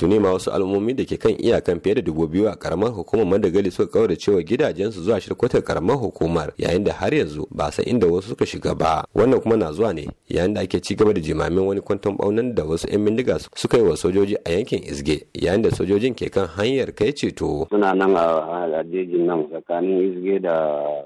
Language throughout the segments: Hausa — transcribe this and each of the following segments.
tuni ma wasu al'ummomi da ke kan iyakan fiye da dubu biyu a karamar hukumar madagali suka kawar cewa gidajensu zuwa shirkotar karamar hukumar yayin da har yanzu ba san inda wasu suka shiga ba wannan kuma na zuwa ne yayin da ake ci gaba da jimamin wani kwanton baunan da wasu 'yan bindiga suka yi wa sojoji a yankin isge yayin da sojojin ke kan hanyar kai ceto suna nan a jejin nan tsakanin izge da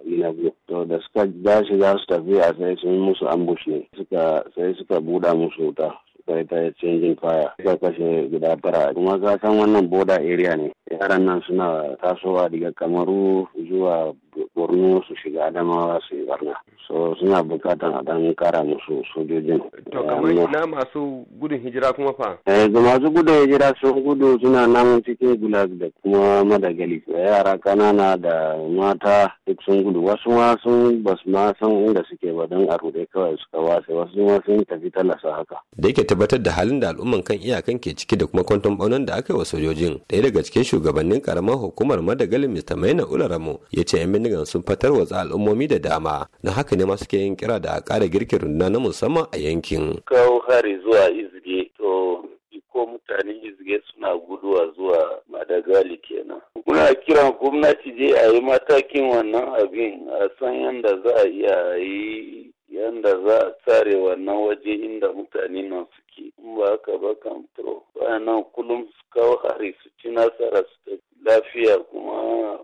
inabu to da suka za su tafi a sai sun musu ambushi suka sai suka buɗa musu wuta suka ta canjin kwaya. Ya kashe gida bara. kuma ka san wannan border area ne yaran nan suna tasowa daga kamaru zuwa borno su shiga adamawa su yi barna so suna bukatan a dan kara musu sojojin to kamar ina masu gudun hijira kuma fa eh ga masu gudun hijira sun gudu suna nan cikin gulag da kuma madagali yara kanana da mata duk sun gudu wasu ma sun ba su ma san inda suke ba don a rude kawai suka wasa, wasu ma sun tafi talasa haka da yake tabbatar da halin da al'umman kan iyakan ke ciki da kuma kwanton baunan da aka yi wa sojojin ɗaya daga cikin shugabannin karamar hukumar madagali mr maina ularamo ya ce yan bindigan sun fatar watsa al'ummomi da dama na haka haka ne ma suke yin kira da a ƙara girkin runduna na musamman a yankin. Kawo hari zuwa Izge to iko mutane Izge suna guduwa zuwa Madagali kenan. Muna kiran gwamnati je a yi matakin wannan abin a san yadda za a iya yi yadda za a tsare wannan waje inda mutane nan suke in ba haka ba kan to nan kullum su kawo hari su ci nasara su lafiya kuma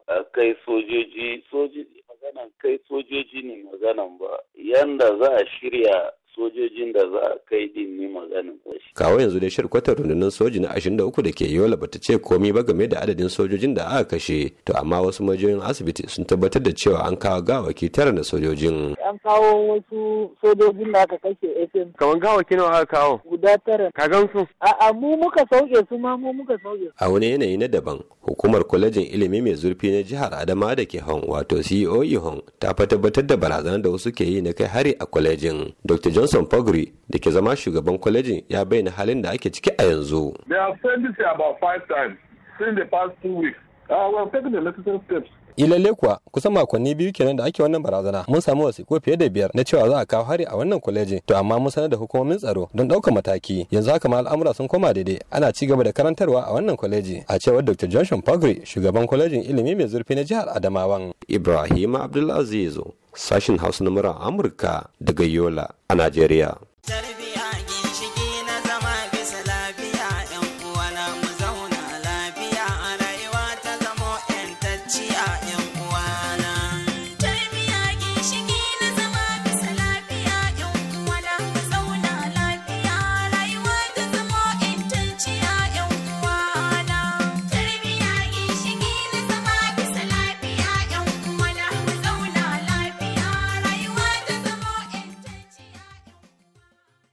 a kai sojoji sojoji kai sojoji ne maganan ba yanda za a shirya sojojin da za a kai din ne maganin kwashi. Kawo yanzu dai shirin kwatar rundunar soji na 23 da ke Yola bata ce komai ba game da adadin sojojin da aka kashe, to amma wasu majiyoyin asibiti sun tabbatar da cewa an kawo gawaki tara na sojojin. An kawo wasu sojojin da aka kashe SM. Kaman gawaki nawa aka kawo? Guda tara. Ka gan su? A'a mu muka sauke su ma mu muka sauke. A wani yanayi na daban, hukumar kwalejin ilimi mai zurfi na jihar Adama da ke Hon wato CEO Hon ta fa tabbatar da barazanar da wasu ke yi na kai hari a kwalejin. Dr. Johnson Pogri da ke zama amma shugaban kwalejin ya bayyana halin da ake ciki a yanzu. They uh, kuwa kusan makonni biyu kenan da ake wannan barazana mun samu wasiƙo fiye da biyar na cewa za a kawo hari a wannan kwaleji to amma mun sanar da hukumomin tsaro don ɗaukar mataki yanzu haka ma al'amura sun koma daidai ana ci gaba da karantarwa a wannan kwaleji a cewar dr johnson pagri shugaban kwalejin ilimi mai zurfi na jihar adamawan ibrahim abdulaziz sashin hausa na amurka daga yola a najeriya